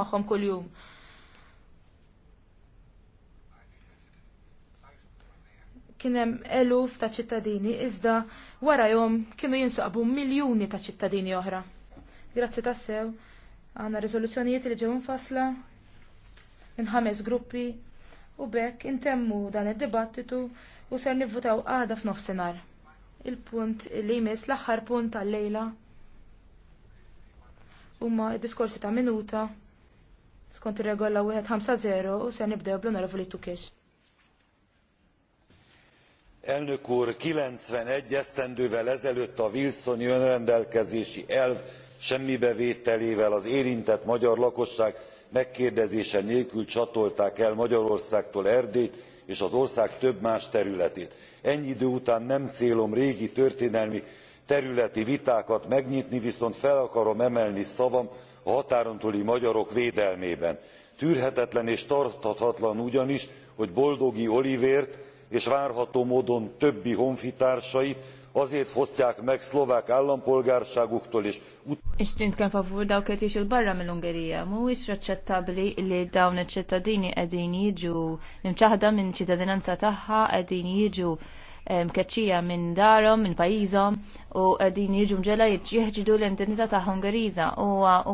magħhom kuljum. Kien hemm eluf ta' ċittadini iżda wara jom kienu jinsaqbu miljuni ta' ċittadini oħra. Grazzi tassew, għandna riżoluzzjonijiet li ġew infasla minn ħames gruppi u bekk intemmu dan id-dibattitu u ser nivvutaw għada f'nofsinhar. Il-punt li jmiss l-aħħar punt tal-lejla huma d diskorsi ta' minuta skont ir-regola 1 1-5-0 u se nibdew bl-onorevoli Tukix. Elnök úr, 91 esztendővel ezelőtt a Wilsoni önrendelkezési elv semmi bevételével az érintett magyar lakosság megkérdezése nélkül csatolták el Magyarországtól Erdélyt és az ország több más területét. Ennyi idő után nem célom régi történelmi területi vitákat megnyitni, viszont fel akarom emelni szavam a határon túli magyarok védelmében. Tűrhetetlen és tarthatatlan ugyanis, hogy Boldogi Olivért és várható módon többi honfitársait azért fosztják meg szlovák állampolgárságuktól és Ix nitkellem favur dawk qed jixil barra mill-Ungerija, mhuwiex raċċettabbli li dawn iċ-ċittadini qegħdin jiġu imċaħda minn ċittadinanza tagħha qegħdin jiġu mkeċċija minn darhom, minn pajjiżhom u din jiġu mġela jiġġidu l-identità ta' Hungariza u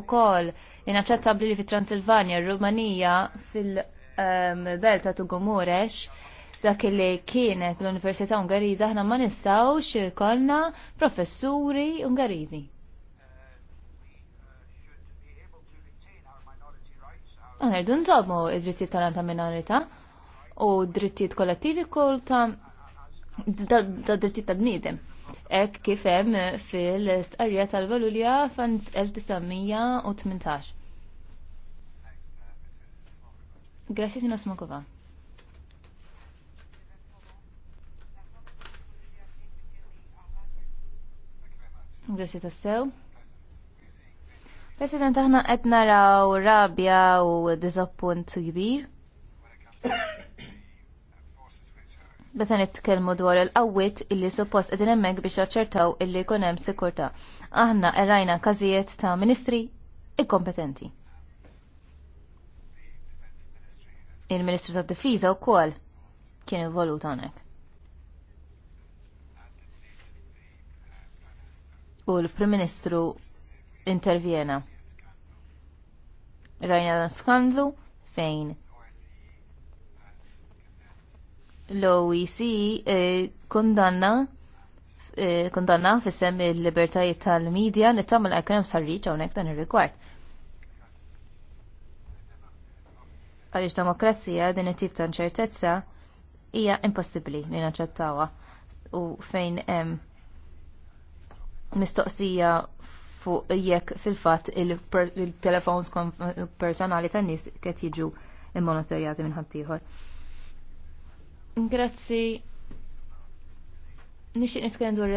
wkoll inaċċettabbli li fit Transilvania r-Rumanija fil-belt ta' Tugumurex dak li kienet l-Università Ungariża aħna ma nistawx kolna professuri Ungariżi. Għanerdu nżommu id-drittijiet tal-għanta minorita u d-drittijiet kollettivi kol ta' da drittijiet ta' bnidem. Ek kifem fil istqarja tal-Valulja fan 1918. Grazie Sina Smokova. Grazie tassew. President, aħna etna raw rabja u diżappunt kbir meta nitkellmu dwar il-qawwiet illi suppost qegħdin hemmhekk biex jaċċertaw illi jkun hemm sikurtà. Aħna errajna każijiet ta' ministri inkompetenti. Il-Ministru tad-Difiża wkoll kien involut hawnhekk. U l-Prim Ministru intervjena. Rajna dan skandlu fejn l-OEC eh, kondanna eh, kondanna fissem il-libertajiet tal-medja nittamil hemm sarriċ għonek dan il-rigward. Għalix demokrazija din it-tip ta' ċertezza hija impossibbli li naċċettawha u fejn hemm mistoqsija fuq jekk fil-fatt il-telefons personali tan-nies qed jiġu immonitorjati minn ħaddieħor. Grazzi. Nixtieq nitkellem dwar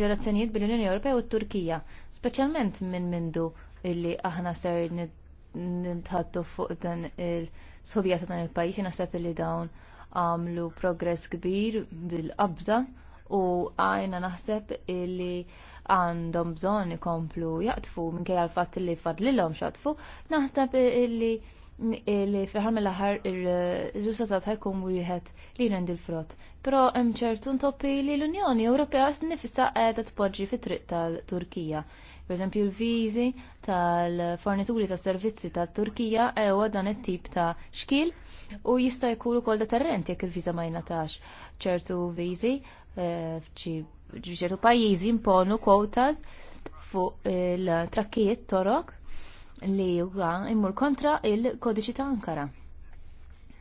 relazzjonijiet bil-Unjoni Ewropea u t-Turkija, speċjalment minn mindu illi aħna ser nintħattu fuq dan il-sobija ta' dan il pajis naħseb illi dawn għamlu progress kbir bil-qabda u għajna naħseb illi għandhom bżonn ikomplu jaqtfu minkejja l-fatt li fadlilhom xaqtfu, naħseb illi li l ħar il-ġusta ta' rizultat u wieħed li rendi l-frott. Però hemm ċertu ntoppi li l-Unjoni Ewropea nifissa qiegħda tpoġġi fit-triq tal-Turkija. Pereżempju l-viżi tal-fornituri ta' servizzi tat-Turkija ewa dan it-tip ta' xkil u jista' jkunu kol deterrenti jekk il-viża ma jnatax. ċertu viżi eh, ċertu pajjiżi imponu kwotas fuq il-trakkijiet torok li huwa immur kontra il-kodiċi ta' Ankara.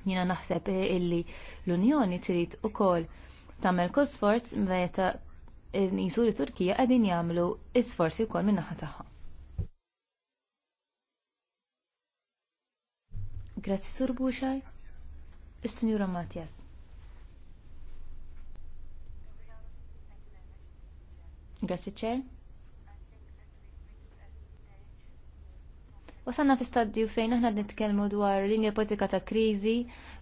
Jiena naħseb illi l-Unjoni trid ukoll tagħmel kull sforz meta nisu li Turkija qegħdin jagħmlu isforzi wkoll min-naħa tagħha. Grazzi Sur Buxaj. Is-Sinjura Matjas. Grazzi Ċer. Wasanna fi stadju fejn aħna nitkellmu dwar linja politika ta' kriżi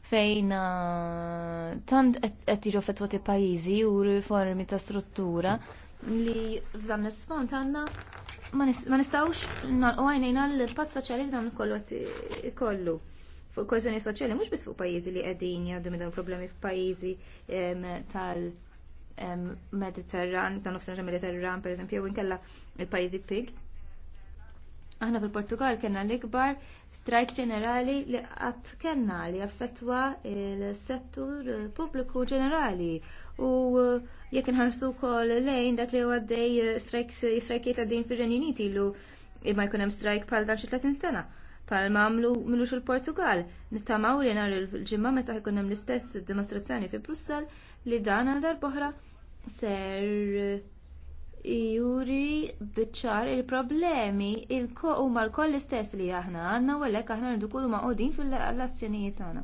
fejn ah, tant qed jiġu fetwati pajjiżi u riformi ta' struttura li f'dan l-isfond għandna ma nistgħux nagħlqu għajnejna l-impatt soċjali dan kollu ikollu fuq kwestjoni soċjali mhux biss fuq pajjiżi li qegħdin jgħaddu minn dawn problemi f'pajjiżi tal Mediterran, tan nofsinhar Mediterran pereżempju, jew inkella il-pajjiżi pig Aħna fil-Portugal kena l-ikbar strajk ġenerali li qatt kellna li affettwa l settur pubbliku ġenerali. U eh, jekk inħarsu wkoll lejn dak li huwa dej eh, eh, strajkiet għaddejn fir-Renju Uniti lu imma jkun hemm strajk bħal dan xi 30 sena bħal mamlu minux il-Portugal. Nittamaw li nhar il-ġimma meta jkun hemm l-istess dimostrazzjoni fi Brussel li dan għal darboħra ser juri biċċar il-problemi huma lkoll l-istess li aħna għandna u għalhekk aħna rridu nkunu maqogħdin fil-azzjonijiet tagħna.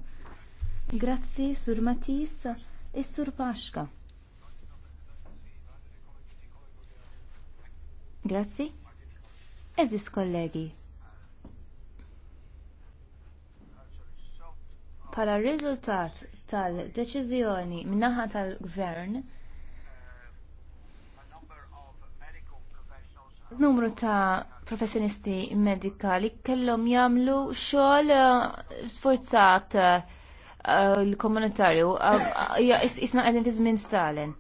Grazzi, Sur Matis, is-Sur Paxka. Grazzi. Eżis kollegi. Pala riżultat tal-deċiżjoni min-naħa tal-gvern, numru ta' professjonisti medikali kellhom jagħmlu xogħol eh, sforzat eh, l-komunitarju eh, isna qegħdin fi żmien Stalin.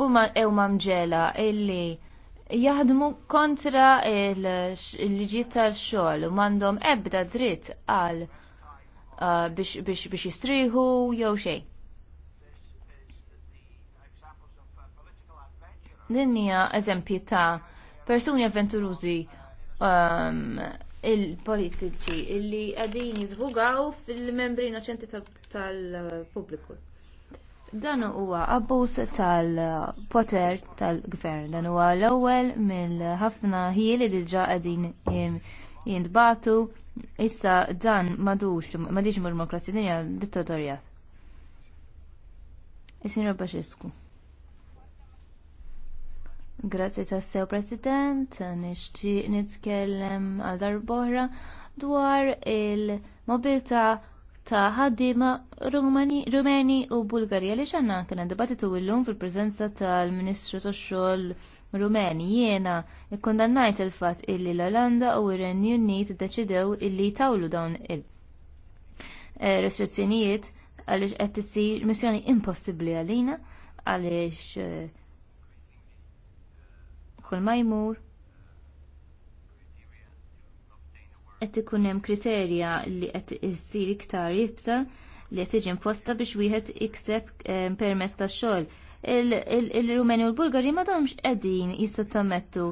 U ew mamġela illi jaħdmu kontra l-liġijiet tal-xogħol u m'għandhom ebda dritt għal biex jistriħu jew xejn. Din hija eżempji ta' persuni avventurużi um, il-politiċi illi għadin jizvugaw fil-membri naċenti tal-pubbliku. Dan huwa abbuż tal-poter tal-gvern, dan huwa l-ewwel mill-ħafna ħieli diġà qegħdin jintbatu issa dan madux madix mur-demokrazija dinja dittatorjat. Is-sinjor Baċisku. Grazzi tassew President, nixtieq nitkellem għal darbohra dwar il-mobilità ta' ħaddiema Rumeni u Bulgarija li xanna kena dibattitu illum fil-prezenza tal-Ministru tax-xogħol Rumeni jiena ikkondannajt il-fatt illi l-Olanda u ir-Renju Unit iddeċidew illi tawlu dawn il eh, restrizzjonijiet għaliex qed isir missjoni impossibbli għalina għaliex eh, kull ma jmur qed ikun hemm kriterja li qed issir iktar jibsa li qed tiġi imposta biex wieħed ikseb eh, permess tax-xogħol. Il-Rumeni u l-Bulgari ma domx qegħdin jisottomettu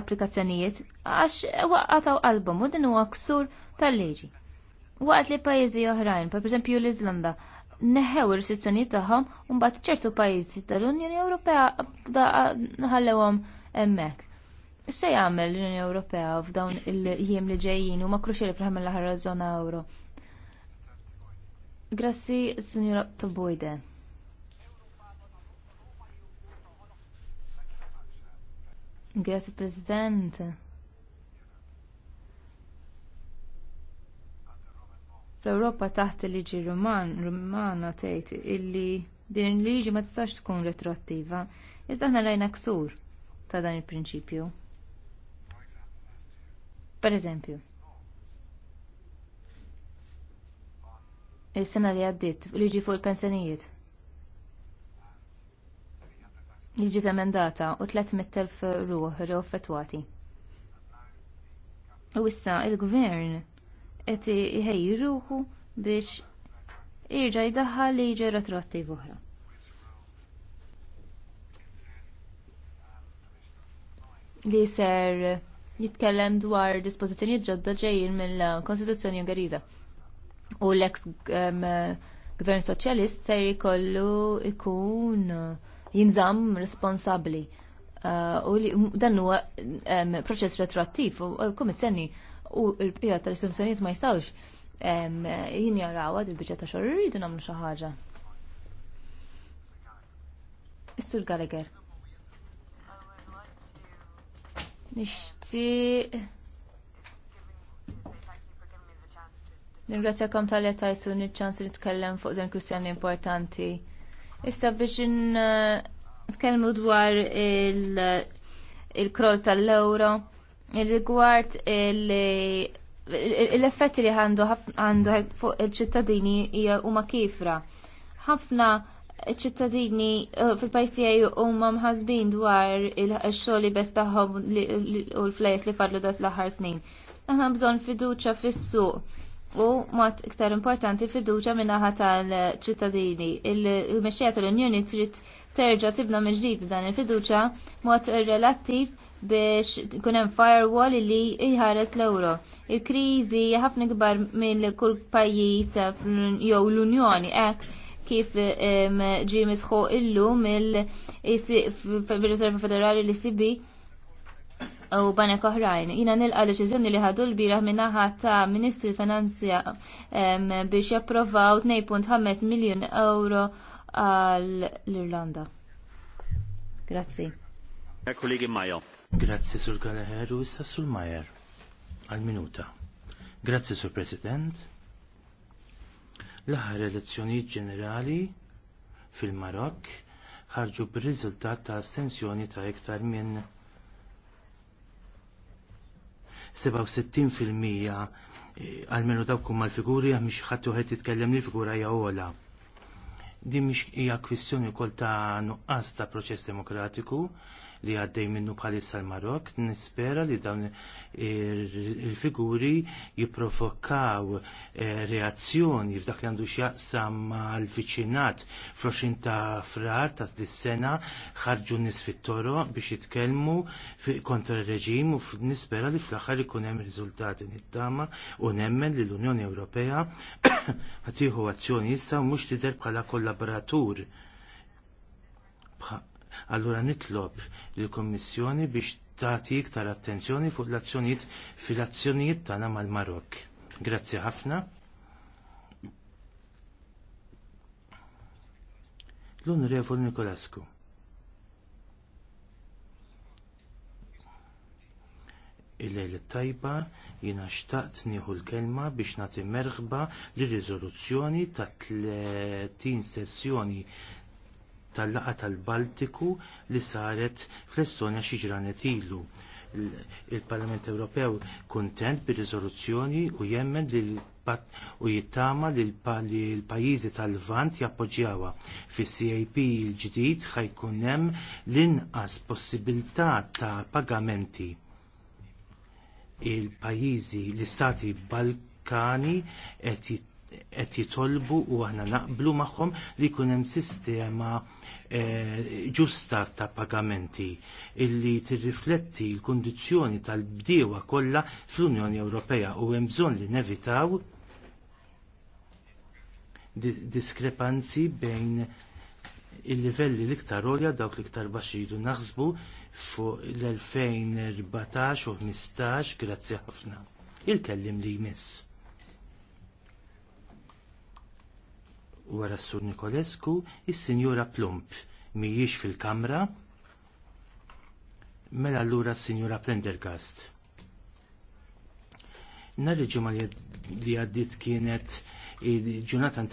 applikazzjonijiet għax waqqataw qalbhom u din huwa ksur tal-liġi. Waqt li pajjiżi oħrajn, pereżempju l-Iżlanda, neħew ir-restrizzjonijiet tagħhom u mbagħad ċertu pajjiżi tal-Unjoni Ewropea ħallewhom hemmhekk. Issa jagħmel l-Unjoni Ewropea f'dawn il-jiem li ġejjin huma kruċjali fl-ħamel l-aħħar żona euro. Grazzi, Sinjora Tabojde. Grazie President. Fl-Ewropa taħt il-liġi Rumana tgħid illi din il-liġi ma tistax tkun retroattiva, iżda aħna rajna ksur ta' dan il-prinċipju. Pereżempju. is-sena li għaddiet liġi fuq il-pensjonijiet. Liġi emendata u 300.000 ruħ ġew effettwati. U issa l gvern qed iħejji ruħu biex jirġa' jdaħħal liġi retroattiv oħra. li ser jitkellem dwar dispożizzjonijiet ġodda ġejjin mill-Konstituzzjoni Ungeriża. U l-eks gvern soċjalist ser jkollu ikun jinżamm responsabbli. Eh, u dan huwa proċess retroattiv u kummissjoni u l-pija tal-istituzzjonijiet ma jistawx jinjaraw għad il-biċċa ta' xorri rridu nagħmlu xi ħaġa. Istur Gallagher. Nixtieq kom tal-li tajtu ċans li tkellem fuq dan kwistjoni importanti. Issa biex tkellmu dwar il-kroll tal-euro, il-rigward l-effetti li għandu fuq il-ċittadini huma kifra. Ħafna ċittadini eh, fil-pajis tiegħi huma mħasbin dwar il-xogħol li bes tagħhom u l flajs li fadlu das l-aħħar snin. Aħna bżonn fiduċja fis-suq u mod iktar importanti fiduċja min-naħa tal-ċittadini. Il-mexxija tal-Unjoni trid terġa' tibna meġdid dan il-fiduċja mod relattiv biex kun hemm firewall li jħares l-ewro. Il-kriżi ħafna kbar minn kull pajjiż jew l-Unjoni hekk kif ġie misħu illum mill-Riserva Federali li sibi u banek oħrajn. Jina nilqa deċiżjoni li ħadu l-bira minnaħa ta' Ministri Finanzja biex japprovaw 2.5 miljon euro għall-Irlanda. Grazzi. Kollegi Majo. Grazzi sul Gallagher u issa sul Majer. Għal-minuta. Grazzi sul President. L-aħħar elezzjonijiet ġenerali fil-Marokk ħarġu bir-riżultat ta' astensjoni ta' iktar minn 67% eh, għal-menu dawkum mal-figuri għam xħattu ħed titkellem li figura jgħola. Din mhix hija kwistjoni wkoll ta' nuqqas ta' proċess demokratiku li għaddej minnu bħalissa l-Marok, nispera li dawn il-figuri jiprovokaw eh, reazzjoni f'dak li għandu xjaqsam l viċinat froxin ta' frar ta' dis-sena ħarġu nis fit-toro biex jitkellmu kontra r-reġim u nispera li fl-aħħar ikun hemm riżultati nittama u nemmen li l-Unjoni Ewropea ħatiħu azzjoni issa u mhux tidher bħala kollha kollaboratur. Allura nitlob lill-Kummissjoni biex tagħti iktar attenzjoni fuq l-azzjonijiet fil-azzjonijiet tagħna mal marok Grazzi ħafna. L-Onorevol Nikolasku. il-lejl tajba jina xtaqt nieħu l-kelma biex nagħti merħba li riżoluzzjoni ta' 30 sessjoni tal laqgħa tal-Baltiku li saret fl-Estonja xi ġranet ilu. Il-Parlament Ewropew kuntent bir riżoluzzjoni u jemmen li u jittama li l-pajjiżi tal-Lvant jappoġġjawha. Fis-CAP il-ġdid ħajkun hemm l-inqas possibilità ta' pagamenti il-pajjiżi l-istati Balkani qed jitolbu u aħna naqblu magħhom li jkun hemm sistema eh, ġusta e, ta' pagamenti illi tirrifletti l-kundizzjoni tal-bdiewa kollha fl-Unjoni Ewropea u hemm bżonn li nevitaw diskrepanzi bejn il-livelli l-iktar olja dawk l-iktar baxidu naħsbu fuq l-2014 u 15 grazzi ħafna. Il-kellim li jmiss. Wara s-sur Nikolescu, il-Sinjura Plump mijiex fil-kamra, mela allura s-Sinjura Plendergast. Nar il li għaddit kienet il-ġurnata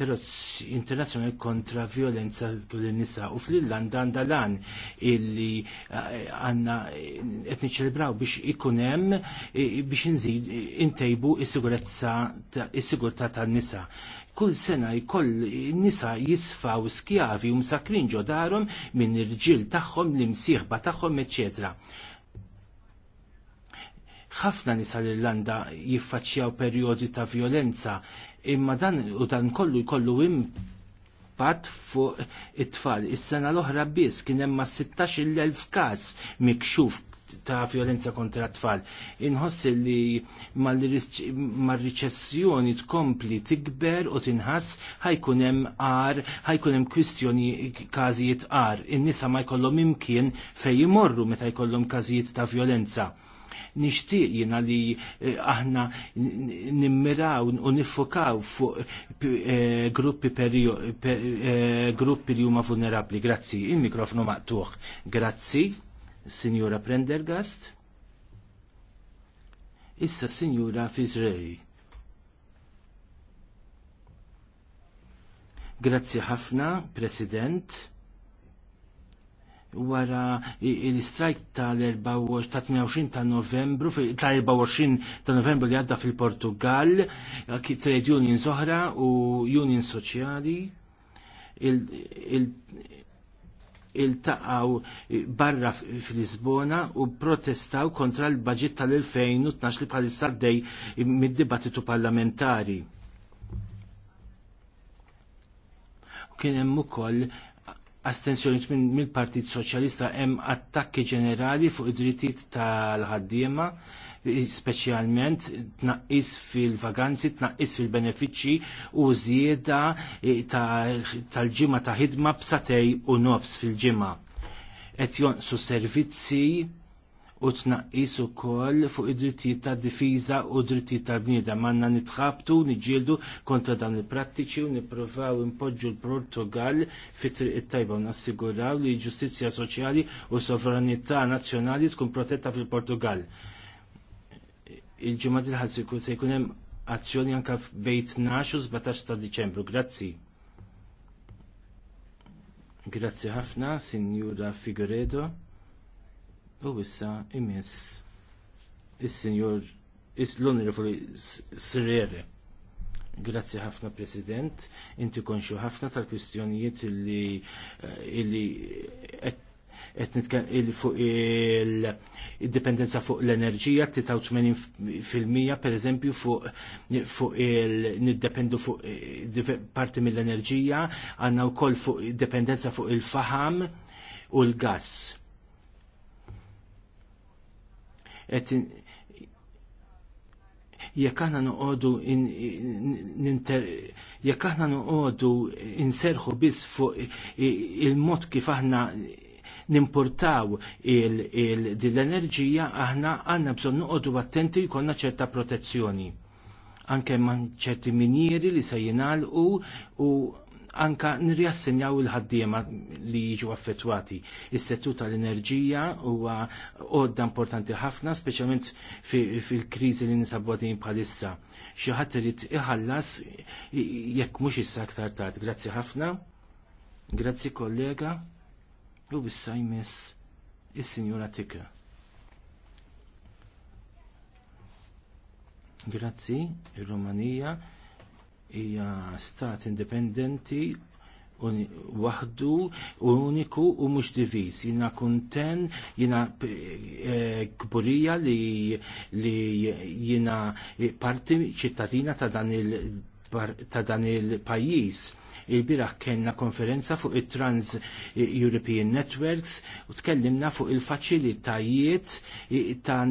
internazzjonali kontra violenza tul nisa u fl-Irlanda għandha lan illi eh, għandna eh, qed niċċelebraw biex ikun hemm eh, biex nżid intejbu il-sigurta tan-nisa kull sena jkoll nisa jisfaw skjavi u msakrin ġodarhom minn irġiel tagħhom li msieħba tagħhom eċetera. Ħafna nisa l-Irlanda jiffaċċjaw perjodi ta' violenza imma dan u dan kollu jkollu impatt fuq it-tfal. Is-sena l-oħra biss kien hemm ma' 16,000 każ mikxuf ta' violenza kontra t-tfal. Inħossi li mal-riċessjoni tkompli tikber u tinħass ħajkun hemm għar, ħajkun hemm kwistjoni każijiet għar. In-nisa ma jkollhom imkien fejn jmorru meta jkollhom każijiet ta' violenza. Nixtieq jiena li eh, aħna nimmiraw u nifokaw fuq eh, gruppi eh, gruppi li huma vulnerabbli. Grazzi, il-mikrofonu maqtuħ. Grazzi, Sinjura Prendergast. Issa Sinjura Fizrej. Grazzi ħafna, President wara il-strajk tal-24 ta' novembru, tal-24 ta' novembru li għadda fil-Portugal, trade union zoħra u union soċjali, il-taqaw barra fil-Lisbona u protestaw kontra l-budget tal-2012 li bħalissa sardej mid-dibattitu parlamentari. Kien hemm ukoll Astensjoni mill partit Soċjalista hemm attakki ġenerali fuq id-drittijiet tal-ħaddiema, speċjalment tnaqqis fil-vaganzi, tnaqqis fil-benefiċċji u żieda e, tal-ġimgħa ta' ħidma b'satej u nofs fil-ġimgħa. Qed jonqsu servizzi u tnaqqis ukoll fuq id-drittijiet ta' difiża u drittijiet tal-bniedem. Għandna nitħabtu, niġġieldu kontra dan il-prattiċi u nippruvaw impoġġu l-Portugal fit-triq it-tajba u nassiguraw li l-ġustizzja soċjali u sovranità nazzjonali tkun protetta fil-Portugal. Il-ġimgħa il-ħassiku se jkun hemm azzjoni anke f'bejt naxu u 17 ta' Diċembru. Grazzi. Grazzi ħafna, Sinjura Figueredo. U issa imiss il sinjor l-Onorevoli Sirere. Grazzi ħafna President, inti konxu ħafna tal-kwistjonijiet li eh, qed fuq il-dipendenza fuq l-enerġija 83% per eżempju fuq fuq il-niddependu fuq eh, parti mill-enerġija, għandna wkoll fuq dipendenza fuq il-faham u l-gass jekk aħna noqogħdu jekk inserħu biss fuq il-mod kif aħna nimportaw l-enerġija aħna għandna bżonn noqogħdu attenti jkollna ċerta protezzjoni anke man ċerti minieri li se jingħalqu u anka nirjassinjaw il-ħaddiema li jiġu affettwati. Is-settur tal-enerġija huwa għodda importanti ħafna, speċjalment fil-kriżi li nisabu għadin bħalissa. Xi ħadd irid iħallas jekk mhux issa aktar tard. Grazzi ħafna. Grazzi kollega. U bissa jmiss is-Sinjura Tika. Grazzi, ir-Rumanija hija stat indipendenti waħdu uniku u mhux diviż. Jiena kunten, jiena eh, kburija li, li jiena parti ċittadina ta' dan il l akbar ta' dan il-pajjiż. Il-biraħ kellna konferenza fuq it-Trans European Networks u tkellimna fuq il-faċilitajiet ta'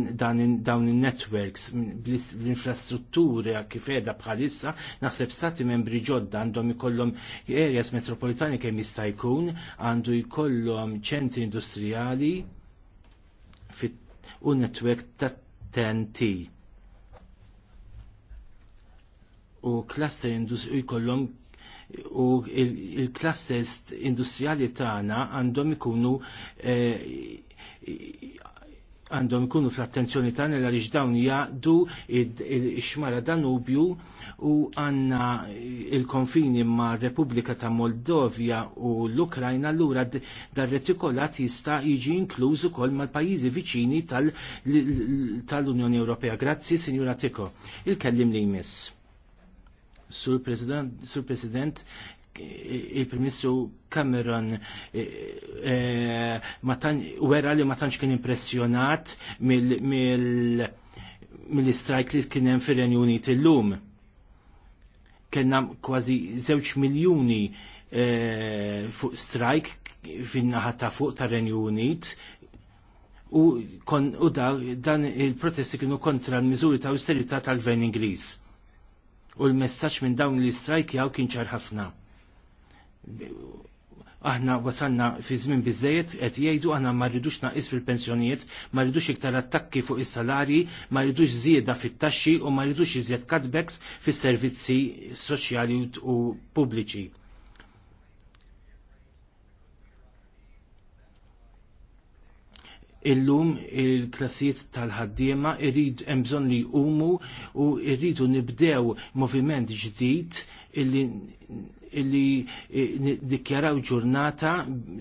dawn il-networks l-infrastruttura kif edha bħalissa naħseb stati membri ġodda għandhom ikollhom areas metropolitani kemm jista' jkun għandu jkollhom ċentri industrijali fit u netwerk ta' TNT u cluster jkollhom u il klaster industrijali tagħna għandhom ikunu eh, għandhom ikunu fl-attenzjoni tagħna li għaliex dawn jaqdu x xmara Danubju u għandna il-konfini ma' Repubblika ta' Moldovja u l-Ukrajna allura dar-retikolat jista' jiġi inkluż ukoll mal-pajjiżi viċini tal-Unjoni Ewropea. Grazzi, Sinjura Tiko. Il-kellim li jmiss. Sur President, Sur President il-Primistru Cameron wera eh, eh, li ma tantx kien impressjonat mill-strajk li kien hemm fir-Renju Unit illum. Kellna kważi żewġ miljuni eh, fuq strajk fin-naħa ta' fuq tar-Renju Unit u, dan il-protesti kienu kontra l-miżuri ta' austerità tal-Gvern Ingliż U l-messaġġ minn dawn li strajkjaw kien ċar ħafna. Aħna wasanna fi żmien biżejjed qed jgħidu aħna ma rridux naqis fil-pensjonijiet, ma rridux iktar attakki fuq is-salarji, ma rridux żieda fit-taxxi u ma rridux iżjed cutbacks fis-servizzi soċjali u pubbliċi illum il-klassijiet tal-ħaddiema irrid hemm bżonn li umu u rridu nibdew moviment ġdid illi illi e, dikjaraw ġurnata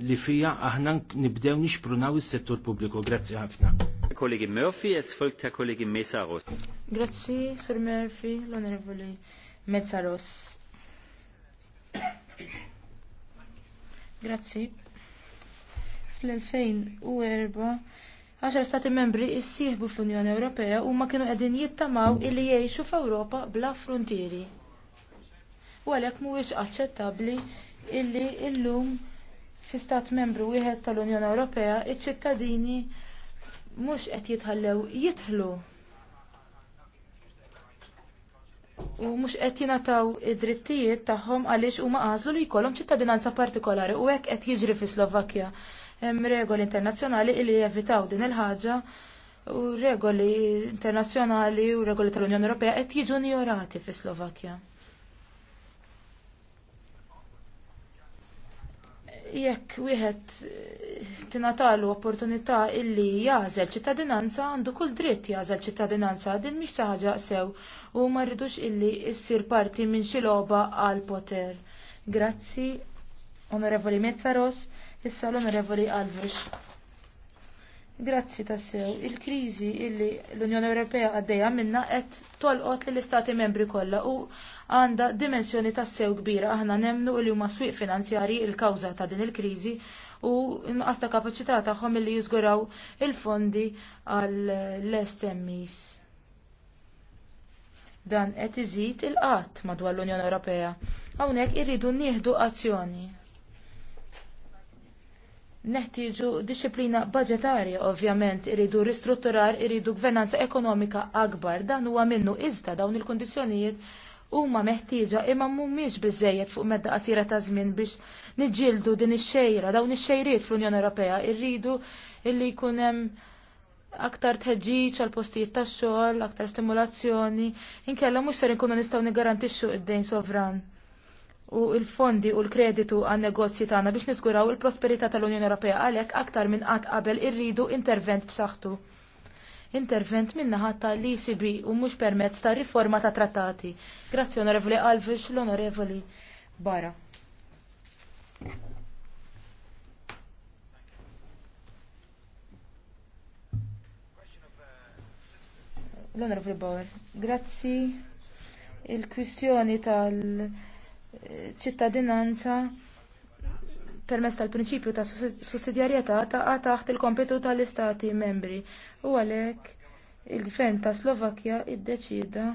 li fija aħna nibdew nixprunaw is-settur pubbliku. Grazzi ħafna. Kollegi Murphy, es folk ta' kollegi Mesaros. Grazzi, Sur Murphy, l-Onorevoli Mesaros. Grazzi fl-2004 10 stati membri issieħbu fl-Unjoni Ewropea u ma kienu qegħdin jittamaw illi jgħixu f'Ewropa bla frontieri. U għalhekk mhuwiex aċċettabbli illi illum fi stat membru wieħed tal-Unjoni Ewropea iċ-ċittadini mhux qed jitħallew jidħlu u mhux qed jingħataw id-drittijiet tagħhom għaliex huma għażlu li jkollhom ċittadinanza partikolari u hekk qed jiġri fi Slovakkja. Hemm regoli internazzjonali li jevitaw din il-ħaġa u regoli internazzjonali u regoli tal-Unjoni Ewropea qed jiġu njorati fi Slovakkja. Jekk wieħed tingħatalu opportunità illi jażel ċittadinanza għandu kull dritt jażel ċittadinanza din mhix xi ħaġa sew u ma rridux illi issir parti minn xi logħba għal poter. Grazzi, Onorevoli Mezzaros. Issa l-Onorevoli Alves. Grazzi tassew. Il-kriżi illi l-Unjoni Ewropea għaddejja minna qed tolqot lill istati membri kollha u għandha dimensjoni tassew kbira. Aħna nemnu li huma swieq finanzjarji il-kawża ta' din il-kriżi u nqas ta' kapaċità tagħhom illi jiżguraw il-fondi għall-SMEs. Dan qed iżid il-qatt madwar l-Unjoni Ewropea. Hawnhekk irridu nieħdu azzjoni. Neħtieġu disċiplina budgetarja, ovvjament, iridu ristrutturar, iridu gvernanza ekonomika akbar, dan huwa minnu iżda dawn il-kondizzjonijiet huma meħtieġa imma mhumiex biżejjed fuq medda qasira ta' żmien biex niġġieldu din ix-xejra, dawn ix-xejriet fl-Unjoni Ewropea irridu illi jkun hemm aktar tħeġġiġ għal postijiet tax-xogħol, aktar stimulazzjoni, inkella mhux ser inkunu nistgħu niggarantixxu id-dejn sovran u l-fondi u l-kreditu għan negozji tagħna biex niżguraw il-prosperità tal-Unjoni Ewropea għalhekk aktar minn qatt qabel irridu intervent b'saħħtu. Intervent min-naħa tal-ECB u mhux permezz ta' riforma ta' trattati. Grazzi Onorevoli Alves, l-Onorevoli Bara. L-Onorevoli Bauer, grazzi il-kwistjoni tal- ċittadinanza permess tal-prinċipju ta' sussidjarjetà taqa' taħt il-kompetu tal-istati membri u għalhekk il-gvern ta' Slovakkja iddeċida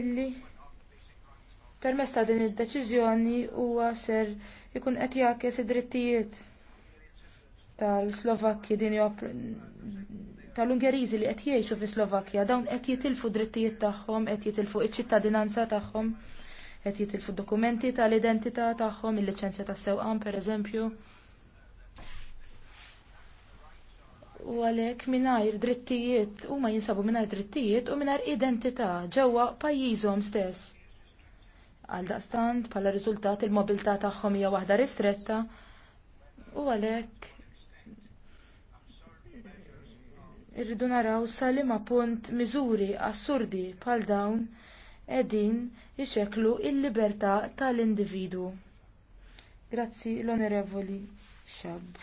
illi permess ta' din id-deċiżjoni huwa ser ikun qed jagħkes id-drittijiet tal-Slovakki din tal-Ungeriżi li qed jgħixu fis Slovakkja dawn qed jitilfu drittijiet tagħhom, qed jitilfu iċ-ċittadinanza tagħhom, qed jitilfu dokumenti tal-identità tagħhom, il-liċenzja tas-sewqan pereżempju. U għalhekk mingħajr drittijiet huma jinsabu mingħajr drittijiet u mingħajr identità ġewwa pajjiżhom stess. Għaldaqstant bħala riżultat il-mobilità tagħhom hija waħda ristretta u għalhekk irridu naraw salima punt miżuri assurdi bħal dawn qegħdin ixekklu l libertà tal-individwu. Grazzi l-Onorevoli Xabb.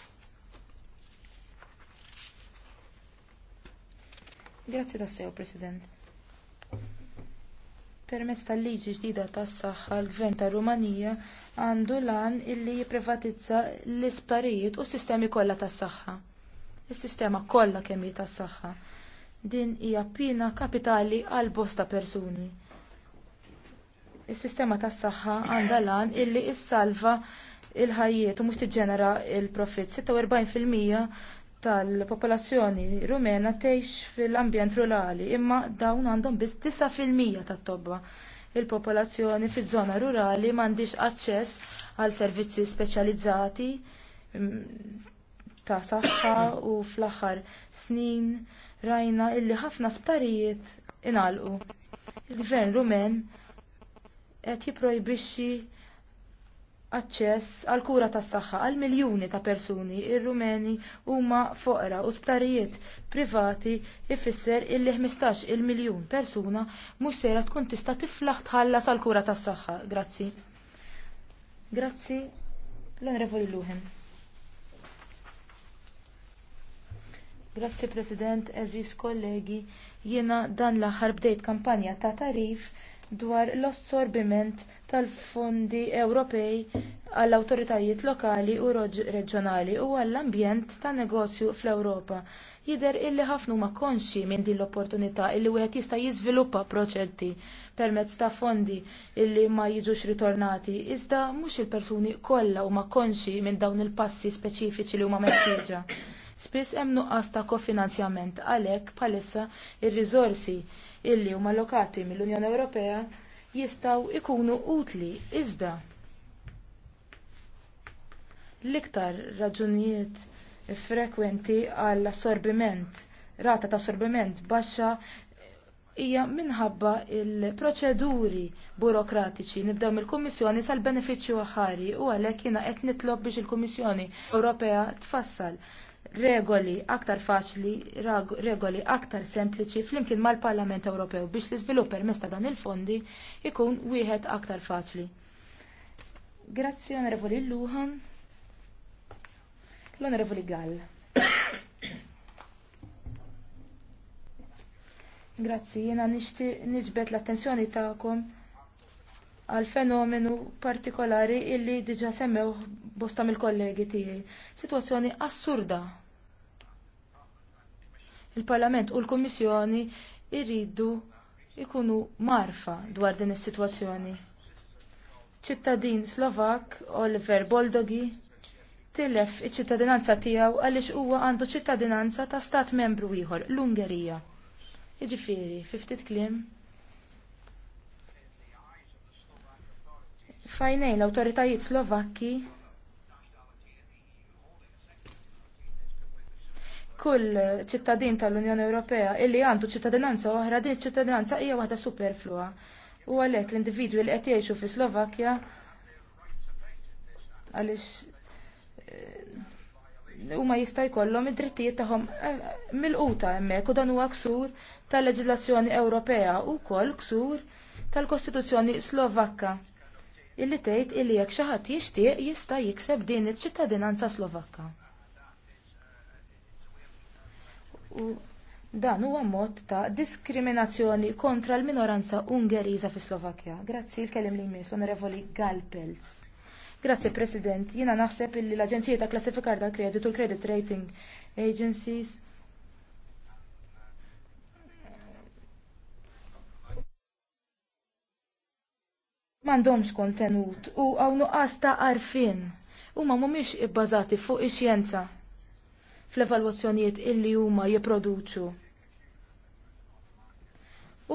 Grazzi sew President. Permezz tal-liġi ġdida tas-saħħa l-Gvern tar Rumanija għandu lan illi jipprivatizza l-isptarijiet u s-sistemi kollha tas-saħħa is-sistema kollha kemm hi tas-saħħa. Din hija pina kapitali għal bosta persuni. Is-sistema tas-saħħa għandha lan illi issalva il-ħajjiet u mhux tiġġenera l profitt 46% tal-popolazzjoni rumena tgħix fil-ambjent rurali, imma dawn għandhom biss 9% tat-tobba il-popolazzjoni fiż-żona rurali m'għandix aċċess għal servizzi speċjalizzati ta' saħħa u fl-aħħar snin rajna illi ħafna sptarijiet inalqu. Il-gvern rumen qed jipprojbixxi aċċess għall kura tas saħħa għal miljuni ta' persuni ir-Rumeni huma foqra u sptarijiet privati ifisser illi 15 il miljun persuna mhux sejra tkun tista' tiflaħ tħallas għall kura tas saħħa. Grazzi. Grazzi l-Onorevoli Luhen. Grazzi President, eżis kollegi, jiena dan l-aħħar bdejt kampanja ta' tarif dwar l-assorbiment tal-fondi Ewropej għall awtoritajiet lokali u reġjonali u għall-ambjent tan negozju fl-Ewropa. Jidher illi ħafna huma konxi minn din l-opportunità illi wieħed jista' jiżviluppa proġetti permezz ta' fondi illi ma jiġux ritornati, iżda mhux il-persuni kollha huma konxi minn dawn il-passi speċifiċi li huma meħtieġa. Spiss hemm nuqqas ta' kofinanzjament għalhekk bħalissa ir-riżorsi illi huma allokati mill-Unjoni Ewropea jistgħu jkunu utli iżda. L-iktar raġunijiet frekwenti għall assorbiment rata ta' assorbiment baxxa hija minħabba l proċeduri burokratiċi nibdew mill-Kummissjoni sal-benefiċċju aħħari u għalhekk jiena qed nitlob biex il-Kummissjoni Ewropea tfassal regoli aktar faċli, regoli aktar sempliċi flimkien mal-Parlament Ewropew biex l-iżvilupp permess ta' dan il-fondi ikun wieħed aktar faċli. Grazzi Onorevoli Luhan. L-Onorevoli Gall. Grazzi, jena nixti nġbet l-attenzjoni ta'kom għal fenomenu partikolari illi diġa semmew bosta mill-kollegi tiegħi. sitwazzjoni assurda. Il-Parlament u l-Kummissjoni irridu ikunu marfa dwar din is-sitwazzjoni. Ċittadin Slovak Oliver Boldogi tilef iċ-ċittadinanza tiegħu għaliex huwa għandu ċittadinanza ta' stat membru ieħor, l-Ungerija. Jiġifieri, fi ftit kliem fajnej l awtoritajiet slovakki kull ċittadin tal-Unjoni Ewropea illi għandu ċittadinanza oħra din ċittadinanza hija waħda superflua. U għalhekk l-individwi li qed jgħixu fi Slovakkja għaliex eh, huma jista' jkollhom id-drittijiet tagħhom eh, milquta hemmhekk u dan huwa ksur tal-leġiżlazzjoni Ewropea u wkoll ksur tal-Kostituzzjoni Slovakka illi tgħid illi jekk xi ħadd jixtieq jista' jikseb din iċ-ċittadinanza Slovakka. U dan huwa mod ta' diskriminazzjoni kontra l-minoranza Ungeriża fi Slovakkja. Grazzi l-kelim li jmiss onorevoli Galpels. Grazzi President, jiena naħseb li l-Aġenzija ta' Klassifikar tal kredit u l-Credit Rating Agencies m'għandhomx kontenut u hawn nuqqas ta' arfin huma mhumiex ibbażati fuq ix-xjenza fl-evalwazzjonijiet illi huma jipproduċu.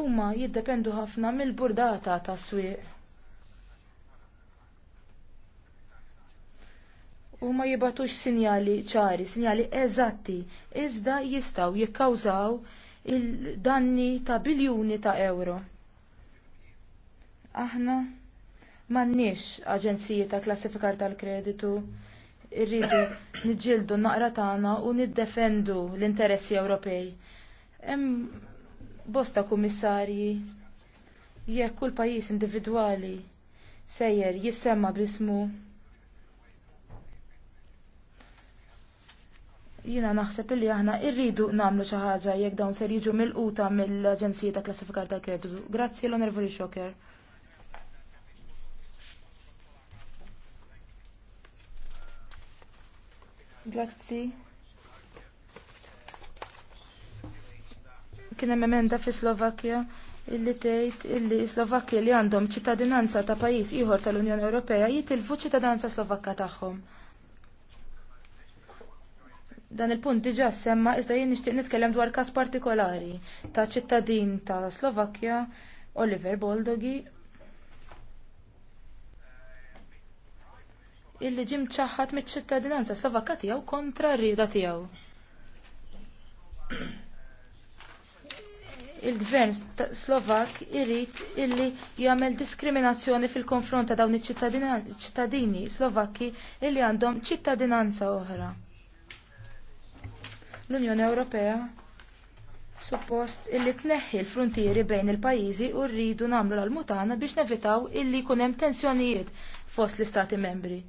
Huma jiddependu ħafna mill-burdata tas-swieq. u ma jibatux sinjali ċari, sinjali eżatti, iżda jistaw jikkawżaw il-danni ta' biljuni ta' euro. Aħna M'għandniex aġenziji ta' klassifikar tal-kreditu. Irridu niġġieldu naqra tagħna u niddefendu l-interessi Ewropej. Hemm bosta kummissarji jekk kull pajjiż individwali sejjer jissemma b'ismu jina naħseb illi aħna irridu namlu xi ħaġa jekk dawn ser jiġu mill-quta mill-Aġenzija ta' Klassifikar tal Kreditu. Grazzi l-Onorevoli Xoker. Grazzi. Kien hemm emenda fi Slovakkja illi tgħid illi Slovakkja li għandhom ċittadinanza ta' pajjiż ieħor tal-Unjoni Ewropea jitilfu ċittadinanza Slovakka tagħhom. Dan il-punt diġà semma iżda jien nixtieq nitkellem dwar każ partikolari ta' ċittadin ta' Slovakkja Oliver Boldogi illi ġim ċaħat miċ ċittadinanza slovakka tiegħu kontra r-rieda tiegħu. Il-gvern slovak irrid illi jagħmel diskriminazzjoni fil-konfront ta' dawn iċ-ċittadini slovakki illi għandhom ċittadinanza oħra. L-Unjoni Ewropea suppost illi tneħħi l-frontieri bejn il-pajjiżi u rridu nagħmlu l mutana biex nevitaw illi jkun hemm tensjonijiet fost l-istati membri.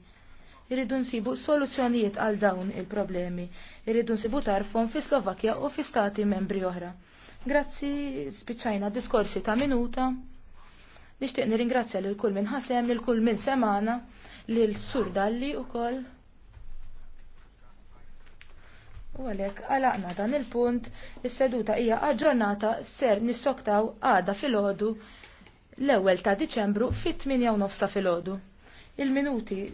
Irridu nsibu soluzzjonijiet għal dawn il-problemi. Irridu nsibu tarfhom fi Slovakkja u fi stati membri oħra. Grazzi, spiċajna diskorsi ta' minuta. Nishtiq nirringrazzja lil kull minn ħasem, lil kull minn semana, lil sur dalli u koll. U għalek, għalaqna dan il-punt, is-seduta hija aġġornata ser nissoktaw għada fil-ħodu l-ewwel ta' Diċembru fit-8 nofsa fil-ħodu. Il-minuti